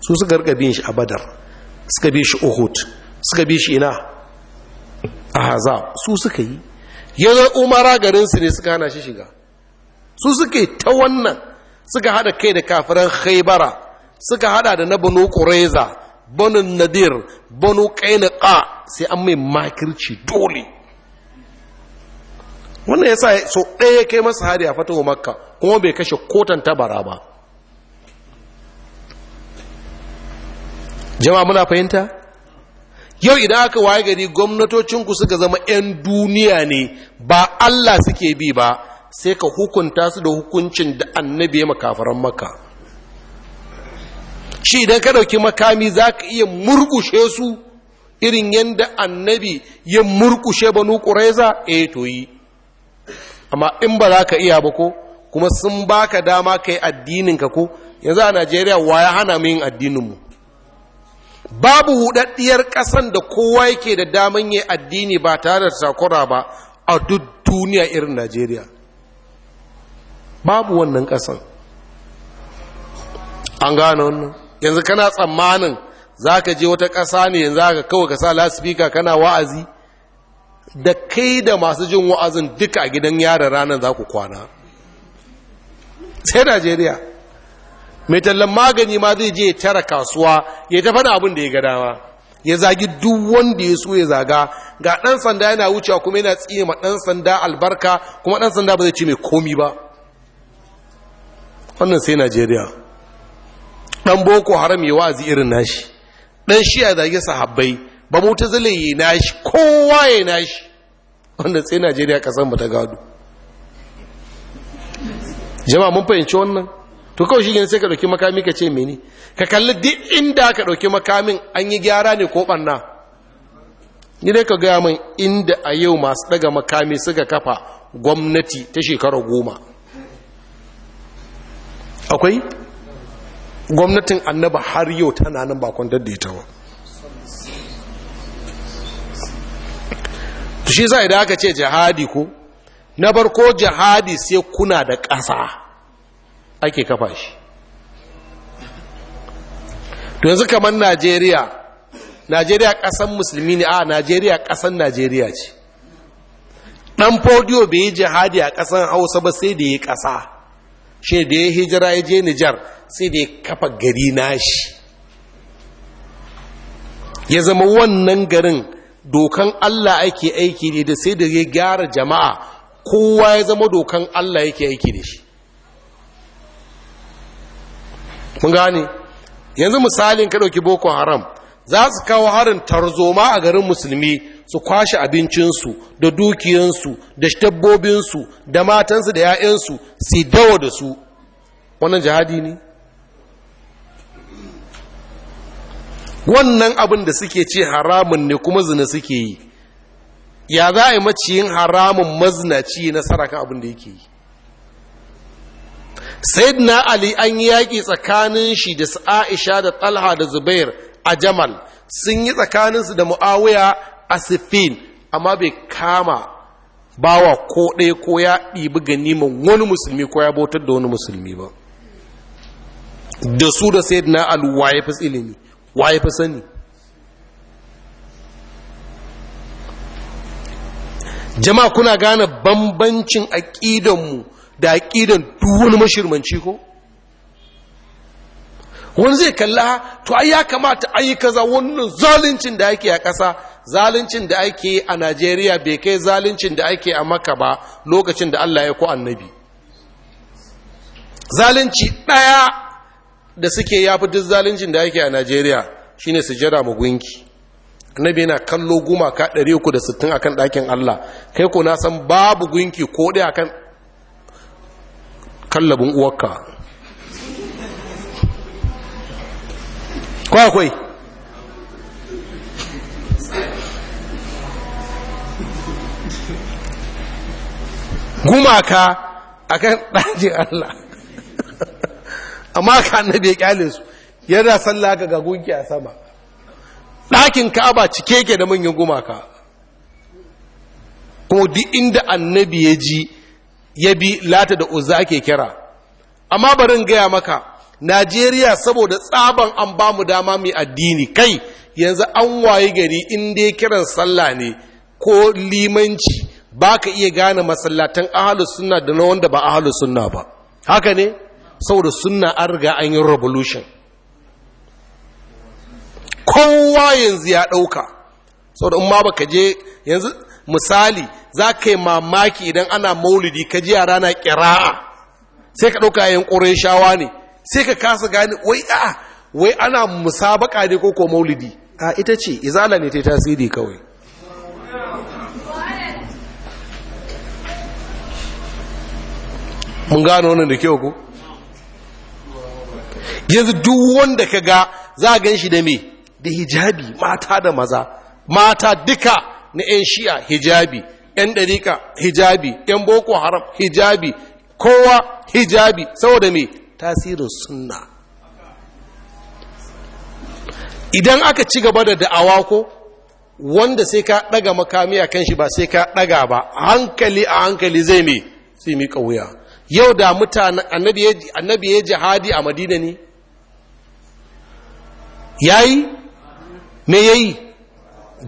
su suka rika bin shi a badar suka bi shi uhud suka bi shi ina ahzab su suka yi yanzu umara garinsu ne suka hana shi shiga su suke ta wannan suka hada kai da kafiran haibara suka hada da na banu Kureza, banu nadir banu qainqa sai an mai makirci dole wannan yasa so ɗaya ya kai masa hari a fatahu makka kuma bai kashe kotan tabara ba jama'a muna fahimta yau idan aka waye gari gwamnatocinku suka zama 'yan duniya ne ba Allah suke bi ba sai ka hukunta su da hukuncin da annabi ya makafaran maka shi idan ka ɗauki makami za ka iya murkushe su irin yadda annabi ya murkushe banu ƙuraiza e eh, to yi amma in ba za ka iya ba ko kuma sun baka dama ka yi addininka ko yanzu a najeriya waya hana mu yin addininmu babu hudaddiyar ƙasan da kowa yake da daman yi addini ba tare da takura ba a duk duniya irin najeriya babu wannan ƙasan an gano wannan yanzu kana tsammanin za ka je wata ƙasa ne yanzu haka kawai ka sa laspika kana wa'azi da kai da masu jin wa'azin duka a gidan yara ranar za ku kwana sai najeriya mai tallan magani ma zai je tara kasuwa ya ta faɗa abin da ya ga dama ya zagi duk wanda ya so ya zaga ga ɗan sanda yana wucewa kuma yana tsine ma ɗan sanda albarka kuma ɗan sanda ba zai ce mai komi ba wannan sai najeriya ɗan boko haram ya wazi irin nashi ɗan shi ya zagi sahabbai ba mutu zale ya nashi kowa ya nashi Wannan sai najeriya kasan ba ta gado jama'a mun fahimci wannan to kawai shi sai ka ɗauki makami ka ce mene ka kalli duk inda ka ɗauki makamin an yi gyara ne ko ɓanna ni dai ka gaya min inda a yau masu ɗaga makami suka kafa gwamnati ta shekara goma akwai gwamnatin annaba har yau tana nan bakon daddaita ba shi za a idan aka ce jihadi ko na barko jihadi sai kuna da ƙasa ake kafa shi to yanzu kamar najeriya najeriya ƙasan musulmi ne a najeriya ƙasan najeriya ce ɗan fodiyo bai yi jihadi a ƙasan hausa ba sai da ya kasa shi da ya hijira ya je nijar sai da ya kafa gari na shi. ya zama wannan garin dokan allah ake aiki ne da sai da ya gyara jama'a kowa ya zama dokan allah yake aiki da shi mun gane yanzu misalin ka ɗauki boko haram za su kawo harin tarzoma a garin musulmi su kwashe abincinsu da dukiyansu da dabbobinsu da matansu da 'ya'yansu su dawo da su wannan jihadi ne wannan abin da suke ce haramun ne kuma zina suke yi ya za a yi maciyin haramun mazinaci na saraka abin da yake yi sayyidina ali an yi yaƙi tsakanin shi da aisha da talha da zubair a jamal sun yi tsakaninsu da mu'awiya a Sifin amma bai kama bawa ko ɗaya ko ya ɗibi ganiman wani musulmi ko ya bautar da wani musulmi ba da su da sayyidina ali waye fi ilimi waye fi sani jama'a kuna gane bambancin aƙidanmu da aƙidan duk mashirmanci ko wani zai kalla to ai ya kamata a yi kaza wannan zalincin da ake a ƙasa zalincin da ake a najeriya bai kai zalincin da ake a maka ba lokacin da allah ya ku annabi zalunci ɗaya da suke ya fi duk zalincin da ake a najeriya shine su jira mu gunki annabi yana kallo gumaka 360 kan ɗakin allah kai ko na san babu gunki ko ɗaya kan. kallabin uwarka kwa kwai gumaka a kan ɗajin Allah amma ka annabi ya kyale su yana sallaka ga gunki a sama ɗakin ka'aba cike ke da manyan gumaka kuma duk inda annabi ya ji ya bi lata da uzza ake kira amma barin gaya maka najeriya saboda tsaban an ba mu dama mai addini kai yanzu an waye gari in dai kiran sallah ne ko limanci ba ka iya gane masallatan ahalus sunna da na wanda ba ahalus sunna ba haka ne saboda sunna an riga an yi revolution kowa yanzu ya ɗauka saboda in ma baka je yanzu misali za ka yi mamaki idan ana maulidi ka ji yara na kira'a sai ka ɗauka yin ƙorin shawa ne sai ka kasa gani wai a wai ana musabaka ne ko ko maulidi a ita ce izala ne ta yi tasiri kawai mun gano wannan da kyau ko yanzu duk wanda ka ga za a gan shi da me da hijabi mata da maza mata duka na 'yan shi'a hijabi 'yan ɗarika hijabi 'yan boko haram hijabi kowa hijabi saboda mai tasirin sunna idan aka ci gaba da da'awa ko wanda sai ka ɗaga makami a kan shi ba sai ka ɗaga ba hankali a hankali zai mai sai mai ƙauya yau da mutane annabi ya jihadi a madina ne yayi me yayi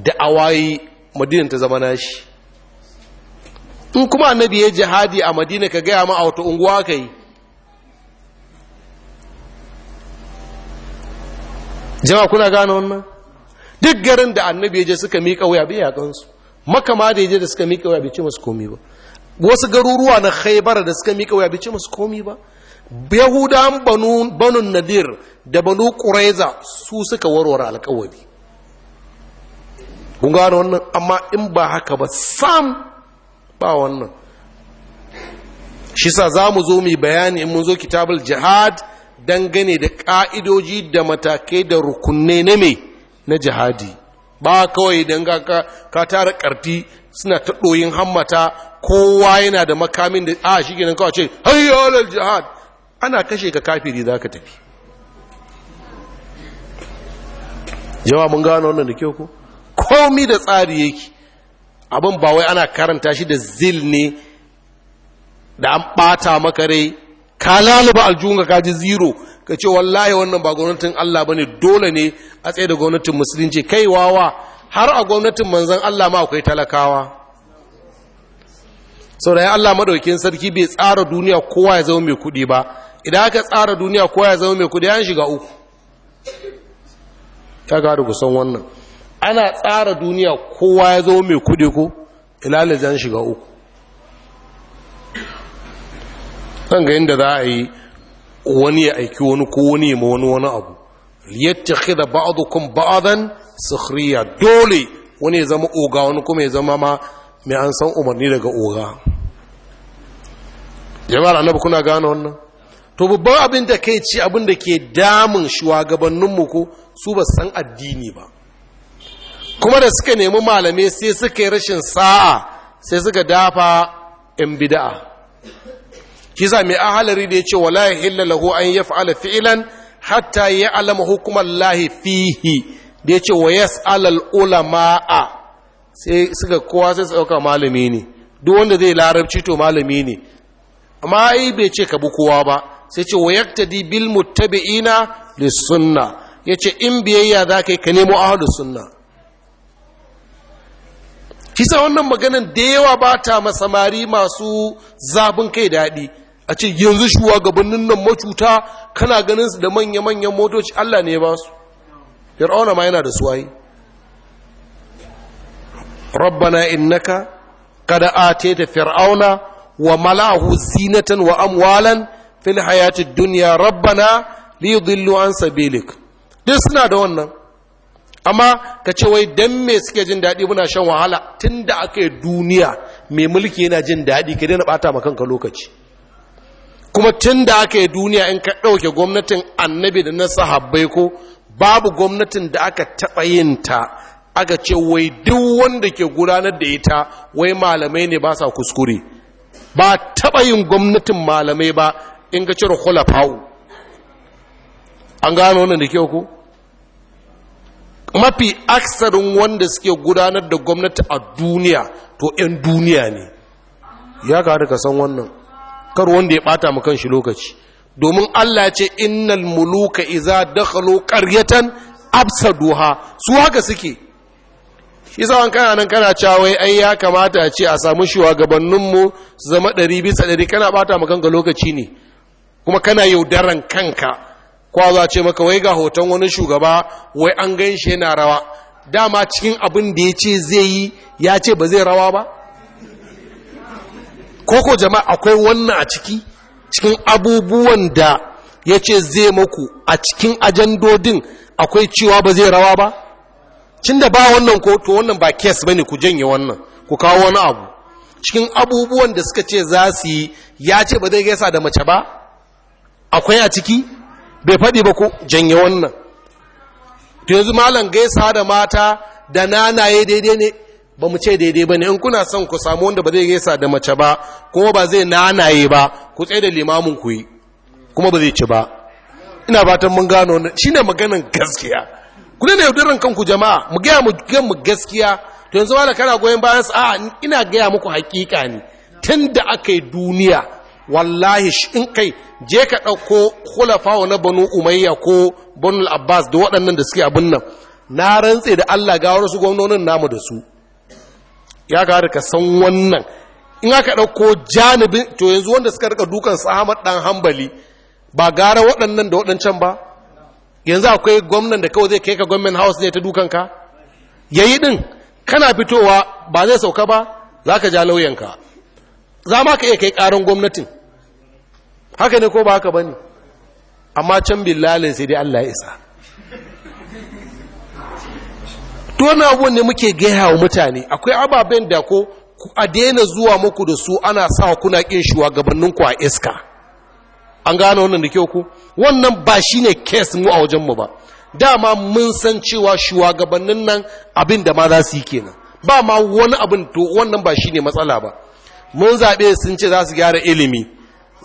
da awayi madina ta zama nashi in kuma annabi ya jihadi a madina ka gaya ma a wata unguwa ka yi jama'a kuna gane wannan duk garin da annabi ya je suka miƙa wuya bai yaƙansu makama da ya je da suka miƙa wuya bai ce masu komi ba wasu garuruwa na haibara da suka miƙa wuya bai ce masu komi ba yahudan banu nadir da banu ƙuraiza su suka warware alƙawari kun gane wannan amma in ba haka ba sam ba wannan shi sa za mu zo mai bayani in mun zo kitabul jihad dangane da ƙa'idoji da matakai da rukunne na mai na jihadi ba kawai don ka tara ƙarti suna ta ɗoyin hammata kowa yana da makamin da a shi ginin kawace ce jihad ana kashe ka kafiri za ka tafi yawa mun gano wannan da kyau ko komi da tsari yake abin ba wai ana karanta shi da zil ne da an ɓata maka rai ka laluba aljihun ka ji zero ka ce wallahi wannan ba gwamnatin Allah ba ne dole ne a tsaye da gwamnatin musulunci kai wawa har a gwamnatin manzan Allah ma akwai talakawa sau da ya Allah madaukin sarki bai tsara duniya kowa ya zama mai kuɗi ba idan aka tsara duniya kowa ya zama mai kuɗi ya shiga uku ta gada kusan wannan ana tsara duniya kowa ya zo mai kudi ko zan shiga uku kan ga yadda za a yi wani ya aiki wani ko wani ya ma wani wani abu da ba'adu kun ba'adan sukhriya dole wani ya zama oga wani kuma ya zama ma mai an san umarni daga oga jama'ar annabi kuna gane wannan to babban abin da kai ci abin da ke damun shugabanninmu ko su ba san addini ba kuma da suka nemi malamai sai suka yi rashin sa'a sai suka dafa in bida'a kisa mai ahalari da ya ce wala ya lahu an ya fa'ala fi'ilan hatta ya alama hukumar lahi fihi da ya ce wa yas alal ulama'a sai suka kowa sai su ɗauka malami ne duk wanda zai larabci to malami ne amma ai bai ce ka bi kowa ba sai ce wa yaktadi bil muttabi'ina lis sunna yace in biyayya za ka yi ka nemo ahlus sunna Kisa wannan maganan da yawa ba ta masamari masu zabin kai daɗi a ce yanzu gabanin nan macuta kana ganin su da manya-manyan motoci Allah ne ba su fir'auna ma yana da suwayi rabbana innaka kada a ta fir'auna wa malahu zinatan wa amwalan fil hayatid duniya rabbana li yudillu an sabilik duk suna da wannan amma ka ce wai dan me suke jin daɗi muna shan wahala tun da aka yi duniya mai mulki yana jin daɗi ka daina ɓata ma kanka lokaci kuma tun da aka yi duniya in ka ɗauke gwamnatin annabi da na sahabbai ko babu gwamnatin da aka taɓa yin ta aka ce wai duk wanda ke gudanar da ita wai malamai ne ba sa kuskure ba taɓa yin gwamnatin malamai ba in ga cire khulafa'u an gano wannan da kyau ko mafi aksarin wanda suke gudanar da gwamnati a duniya to 'yan duniya ne ya kada ka san wannan kar wanda ya bata mu kan shi lokaci domin Allah ce innal muluka iza dakhalu qaryatan absaduha su haka suke shi sawan kana nan kana cawai ai ya kamata ce a samu shugabanninmu gabaninmu su zama ɗari bisa ɗari kana bata mu kanka lokaci ne kuma kana yaudaran kanka kwa za ce maka wai ga hoton wani shugaba wai an gan shi yana rawa dama cikin abin da ya ce zai yi ya ce ba zai rawa ba koko jama'a akwai wannan a ciki cikin abubuwan da ya ce zai maku a cikin ajandodin akwai cewa ba zai rawa ba cin da ba wannan ko to wannan ba kes ba ne ku janye wannan ku kawo wani abu cikin abubuwan da suka ce za su yi ya ce ba zai gaisa da mace ba akwai a ciki bai faɗi ba ku janye wannan to yanzu malam gaisa da mata da nanaye daidai ne ba mu ce daidai ba ne in kuna son ku samu wanda ba zai gaisa da mace ba kuma ba zai nanaye ba ku tsaye da limamin ku yi kuma ba zai ci ba ina fatan mun gano shi shine maganan gaskiya ku ne yaudarar kanku jama'a mu gaya mu ga mu gaskiya to yanzu malam kana goyon bayan sa a ina gaya muku hakika ne tun da aka yi duniya wallahi in kai je ka ɗauko kulafawa na banu umayya ko banu abbas da waɗannan da suke abin nan na rantse da allah ga wasu gwamnonin namu da su ya gari ka san wannan in aka ɗauko janibin to yanzu wanda suka rika dukan su ahmad ɗan hambali ba gara waɗannan da waɗancan ba yanzu akwai gwamnan da kawai zai kai ka gwamnan house ne ta dukan ka yayi ɗin kana fitowa ba zai sauka ba za ka ja lauyanka za ma ka iya kai ƙarin gwamnatin haka ne ko ba haka ne amma can billalin sai dai Allah ya isa to wannan ne muke gaya wa mutane akwai ababen da ko a daina zuwa muku da su ana sa kuna kin ku a iska an gane wannan da kyau ku wannan ba shi ne case mu a wajen mu ba dama mun san cewa shugabannin nan abin da ma za su yi kenan ba ma wani abin to wannan ba shi ne matsala ba mun zaɓe sun ce za su gyara ilimi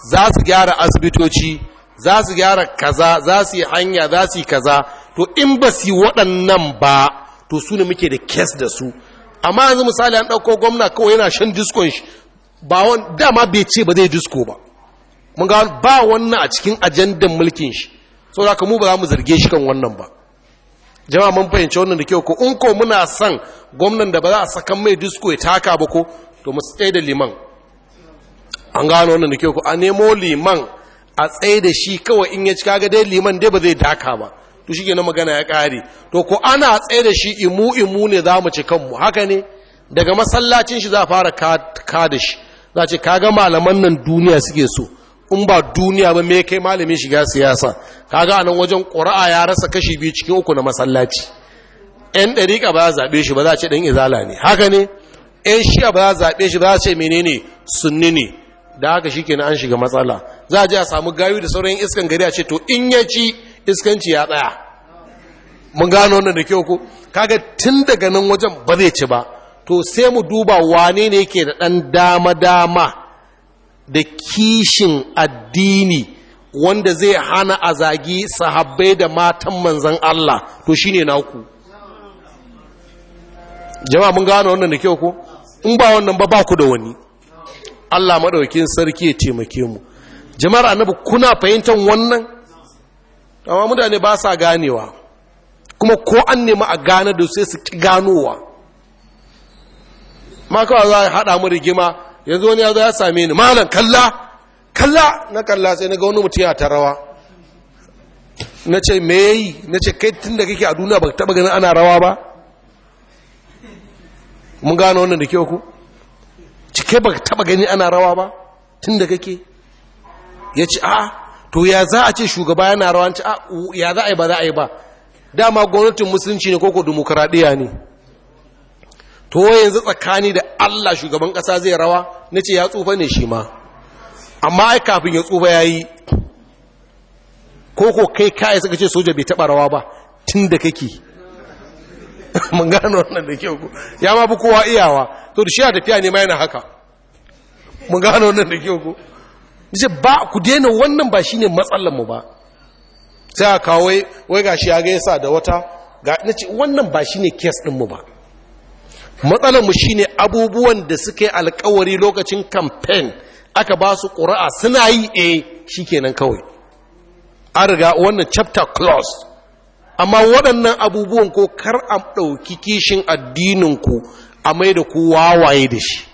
za su gyara asibitoci za su gyara kaza za su yi hanya za su yi kaza to in ba su yi waɗannan ba to su ne muke da kes da su amma yanzu misali an ɗauko gwamna kawai yana shan diskon shi ba wani dama bai ce ba zai disko ba mun ga ba wannan a cikin ajandan mulkin shi sau da mu ba za mu zarge shi kan wannan ba jama'a mun fahimci wannan da kyau ko in ko muna son gwamnan da ba za a sakan mai disko ya taka ba ko to mu tsaye da liman an gano wannan da ke ku a nemo liman a tsaye da shi kawai in ya ci kaga dai liman dai ba zai daka ba to shi na magana ya ƙare to ko ana tsaye da shi imu imu ne za mu ci kanmu haka ne daga masallacin shi za a fara ka da shi za ce kaga malaman nan duniya suke so in ba duniya ba me kai malamin shiga siyasa kaga a nan wajen ƙura'a ya rasa kashi biyu cikin uku na masallaci 'yan ɗariƙa ba za zaɓe shi ba za a ce ɗan izala ne haka ne 'yan shiya ba za zaɓe shi ba za a ce menene sunni ne da haka shi kenan an shiga matsala za a ji a samu gayu da sauran iskan gari a ce to in ya ci iskanci ya tsaya mun gano wannan da kyau ko kaga tun daga nan wajen ba zai ci ba to sai mu duba wane ne yake da ɗan dama-dama da kishin addini wanda zai hana a zagi sahabbai da matan manzan Allah to shi ne naku jama'a mun gano wannan da kyau ko in ba wannan ba ba ku da wani Allah maɗaukin sarki ya taimake mu jama'ar annabi kuna fahimtar wannan amma mutane ba sa ganewa kuma ko an nemi a gane da sai su ki ganowa ma kawai za a haɗa mu rigima yanzu wani ya zo ya same ni malam kalla kalla na kalla sai na ga wani mutum ya ta rawa na ce me yayi na ce kai tun da kake a duniya ba taɓa ganin ana rawa ba mun gane wannan da kyau ku kai ba taba gani ana rawa ba tun da kake ya ce a to ya za a ce shugaba yana rawa ce a ya za a yi ba za a yi ba dama gwamnatin musulunci ne koko demokuraɗiyya ne to yanzu tsakani da allah shugaban ƙasa zai rawa na ce ya tsufa ne shi ma amma ai kafin ya tsufa ya yi Ko kai kayan suka ce soja bai taɓa rawa ba tun da kake mun gano wannan da kyau ya ma fi kowa iyawa to da shi ya tafiya ne ma yana haka mun gano wannan da kyau ko ce ba ku daina wannan ba shine matsalar mu ba sai a kawai wai gashi ya ga yasa da wata ga ce wannan ba shine case din mu ba matsalar mu shine abubuwan da suke alƙawari lokacin campaign aka ba su ƙura'a suna yi eh shikenan kawai an riga wannan chapter close amma waɗannan abubuwan ko kar a ɗauki kishin addininku a mai da ku wawaye da shi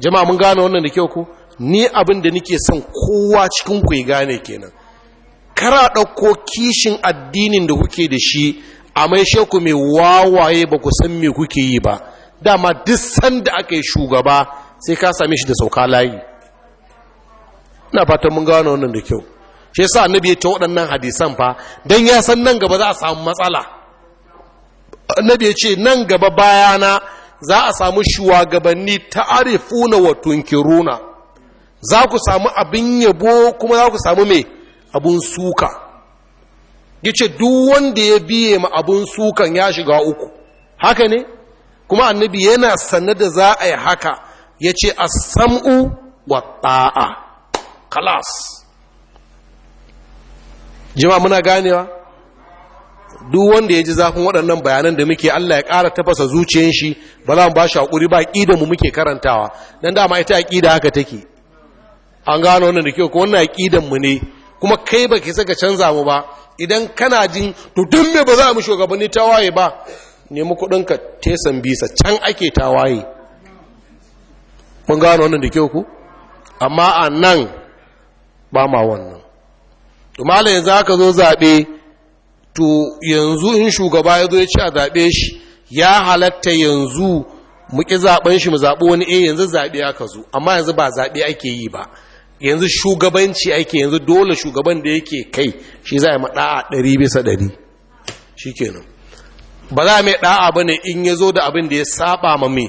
jama'a mun gane wannan da kyau ku? ni abin da nake son kowa cikin ku ya gane kenan kara ɗauko kishin addinin da kuke da shi a mai sheku mai wawaye ba ku san me kuke yi ba dama duk sanda aka yi shugaba sai ka same shi da sauka layi ina fatan mun gane wannan da kyau shi yasa annabi ya ta waɗannan hadisan fa dan ya san nan gaba za a samu matsala annabi ya ce nan gaba bayana za a samu shugabanni ta ta'arifuna wa tunkiruna za ku samu abin yabo kuma za ku samu mai abin suka yace duk wanda ya biye ma abun sukan ya shiga uku haka ne kuma annabi yana sane da za a yi haka Ya ce a samu wa ta'a kalas jima muna ganewa duk wanda ya ji zafin waɗannan bayanan da muke Allah ya ƙara tafasa zuciyar shi ba za mu ba shi haƙuri ba ƙida mu muke karantawa don dama ita ƙida haka take an gano wannan da kyau ko wannan ƙidan mu ne kuma kai ba ki saka canza mu ba idan kana jin to don me ba za mu shugabanni tawaye ba nemi kuɗin ka tesan bisa can ake tawaye mun gano wannan da kyau ku amma a nan ba ma wannan to malam yanzu aka zo zaɓe to yanzu in shugaba ya zo ya ci a zaɓe shi ya halatta yanzu mu ƙi zaɓen shi mu zaɓi wani eh yanzu zaɓe aka zo amma yanzu ba zaɓe ake yi ba yanzu shugabanci ake yanzu dole shugaban da yake kai shi za a yi ɗa'a ɗari bisa ɗari shi kenan ba za a mai ɗa'a ba ne in ya zo da abin da ya saɓa ma mai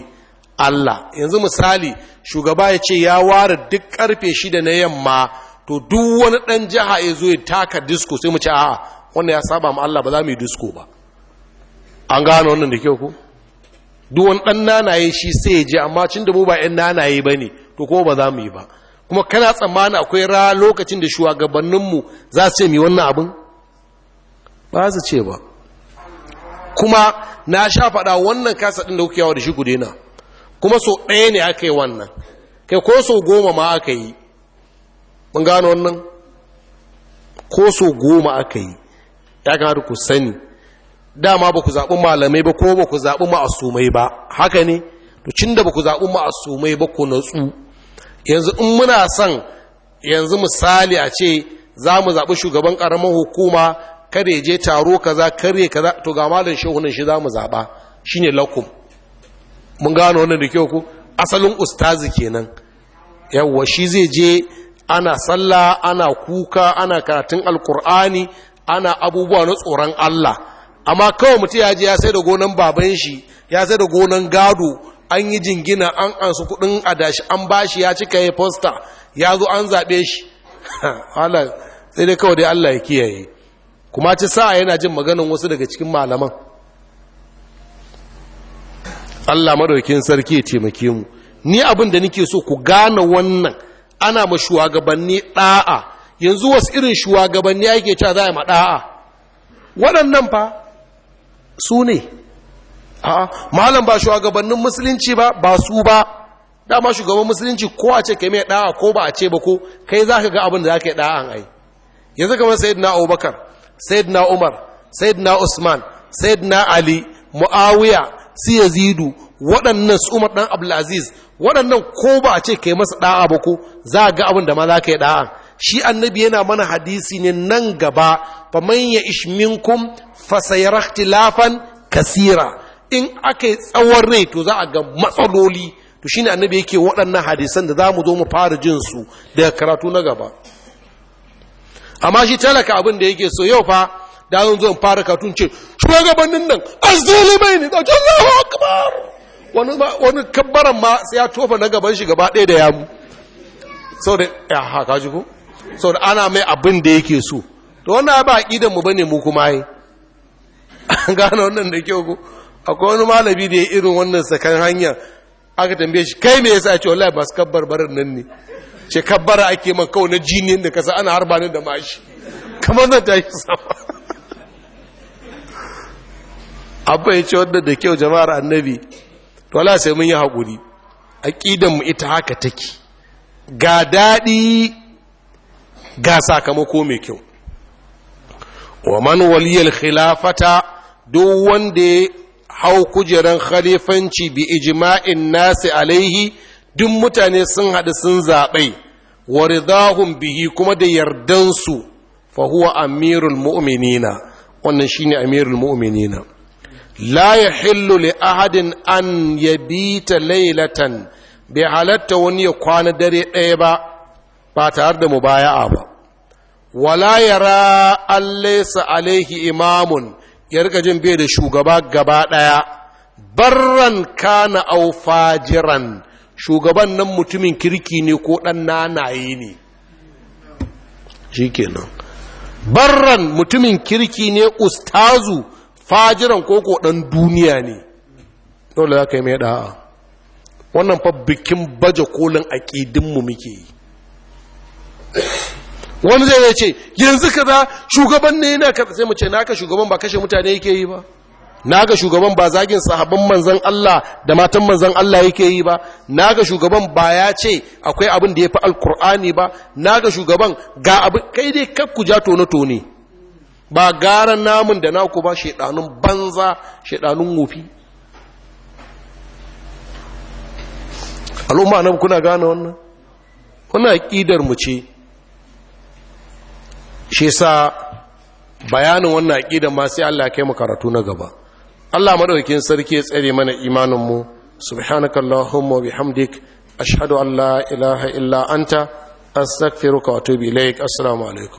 Allah yanzu misali shugaba ya ce ya ware duk karfe shida na yamma to duk wani ɗan jiha ya zo ya taka disko sai mu ce a'a wannan ya saba ma Allah ba za mu yi disco ba an gano wannan da kyau ku. duk wani dan nanaye shi sai ya je amma cin da mu ba ɗan nanaye bane to ko ba za mu yi ba kuma kana tsammanin akwai ra lokacin da shugabanninmu za su ce mu yi wannan abin ba su ce ba kuma na sha faɗa wannan kasa ɗin da kuke yawa da shi gudena kuma so ɗaya ne aka yi wannan kai ko so goma ma aka yi mun gano wannan ko so goma aka yi ya kamata ku sani dama ba ku zaɓi malamai ba ko ba ku zaɓi ma'asumai ba haka ne to cin da ba ku zaɓi ma'asumai ba ku natsu yanzu in muna son yanzu misali a ce za mu zaɓi shugaban ƙaramin hukuma kare je taro kaza kare kaza to ga malam shehunan shi za mu zaɓa Shi ne lakum mun gano wannan da kyau ku asalin ustazi kenan yawwa shi zai je ana sallah ana kuka ana karatun alkur'ani ana abubuwa na tsoron Allah amma kawai mutum ya je ya sai da gonan baban shi ya sai da gonan gado an yi jingina an ansu kudin adashi an bashi ya cika ya fosta ya zo an zaɓe shi Allah sai dai kawai dai Allah ya kiyaye kuma ci sa yana jin maganan wasu daga cikin malaman Allah madaukin sarki ya taimake mu ni abin da nake so ku gane wannan ana ma shugabanni da'a yanzu wasu irin shugabanni ake cewa za a maɗa'a waɗannan fa su ne a malam ba shugabannin musulunci ba ba su ba dama shugaban musulunci ko a ce kai mai ɗa'a ko ba a ce ba ko kai za ka ga abin da za ka yi ɗa'an ai yanzu kamar na abubakar na umar na usman na ali mu'awiya su yazidu waɗannan su umar ɗan abdulaziz waɗannan ko ba a ce kai masa ɗa'a ba ko za ga abin da ma za ka yi ɗa'an shi annabi yana mana hadisi ne nan gaba fa man ya ishminkum fa sayaraktilafan kasira in aka yi tsawon rai to za a ga matsaloli to shine annabi yake waɗannan hadisan da za mu zo mu fara jin su daga karatu na gaba amma shi talaka abin da yake so yau fa da zan zo in fara karatu ce shugabannin nan azzalimai ne da Allahu akbar wani wani kabbaran ma sai ya tofa na gaban shi gaba ɗaya da yamu da ya haka ji ko so da ana mai abin da yake so to wannan ba idan mu bane mu kuma yi an gano wannan da kyau ko akwai wani malami da ya irin wannan sakan hanya aka tambaye shi kai me yasa ce wallahi ba su kabbar barin nan ne ce kabbara ake man kawai na jini da kasa ana harba ne da mashi kamar na ta yi sama abba ya ce wadda da kyau jama'ar annabi to wala sai mun yi haƙuri aƙidan mu ita haka take ga daɗi ga sakamako mai kyau wa man waliyal khilafata duk wanda ya hau kujeran khalifanci bi ijma'in nasi alaihi duk mutane sun haɗu sun zaɓai wa ridahum bihi kuma da yardansu fa huwa amirul mu'minina wannan shine amirul mu'minina la yahillu li ahadin an yabita laylatan bai halatta wani ya kwana dare ɗaya ba ba tare da mubaya'a ba wala yara allaysa alaihi imamun ya rika jin bai da shugaba gaba daya barran kana au fajiran shugaban nan mutumin kirki ne ko dan nanaye ne shikenan barran mutumin kirki ne ustazu fajiran koko dan duniya ne dole za ka yi mai da'a wannan fa bikin baje kolin aƙidinmu muke yi wani zai yace yanzu ka kaza shugaban ne yana ka sai mu ce naka shugaban ba kashe mutane yake yi ba naka shugaban ba zagin sahabban manzan Allah da matan manzan Allah yake yi ba naka shugaban ba ya ce akwai abin da ya fi alkur'ani ba naka shugaban ga abin kai dai kakku ja tone tone ba gara namun da naku ba shedanun banza shedanun wofi al'umma nan kuna gane wannan kuna ƙidar mu ce shi sa bayanin wannan aƙida ma sai Allah kai mu karatu na gaba Allah madaukakin sarki ya tsare mana imanin mu subhanakallahumma bihamdik ashhadu an la ilaha illa anta astaghfiruka wa atubu ilaik assalamu alaikum